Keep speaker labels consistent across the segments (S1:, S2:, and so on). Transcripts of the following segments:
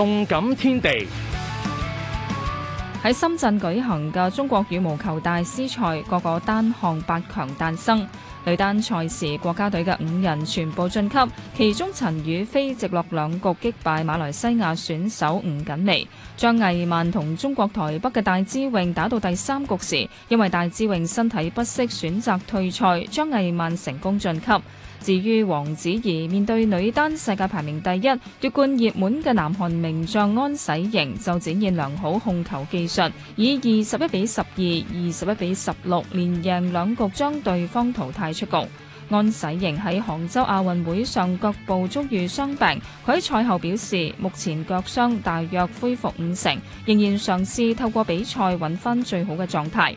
S1: 動感天地。喺深圳舉行嘅中國羽毛球大師賽，各個單項八強誕生。女單賽事，國家隊嘅五人全部晉級，其中陳雨菲直落兩局擊敗馬來西亞選手吳瑾薇。張藝曼同中國台北嘅戴資穎打到第三局時，因為戴資穎身體不適選擇退賽，張藝曼成功晉級。至於王祉怡面對女單世界排名第一、奪冠熱門嘅南韓名將安洗瑩，就展現良好控球技術。以二十一比十二、二十一比十六連贏兩局，將對方淘汰出局。安洗瑩喺杭州亞運會上腳部遭遇傷病，佢喺賽後表示，目前腳傷大約恢復五成，仍然嘗試透過比賽揾翻最好嘅狀態。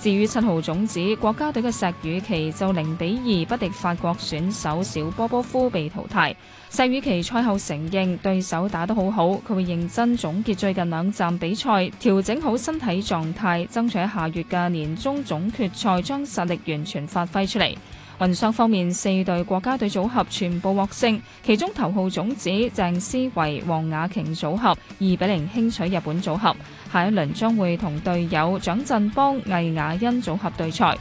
S1: 至於七號種子國家隊嘅石宇奇就零比二不敵法國選手小波波夫被淘汰。石宇奇賽後承認對手打得好好，佢會認真總結最近兩站比賽，調整好身體狀態，爭取下月嘅年終總決賽將實力完全發揮出嚟。混雙方面，四對國家隊組合全部獲勝，其中頭號種子鄭思維黃雅瓊組合二比零輕取日本組合，下一輪將會同隊友蔣振邦魏雅欣組合對賽。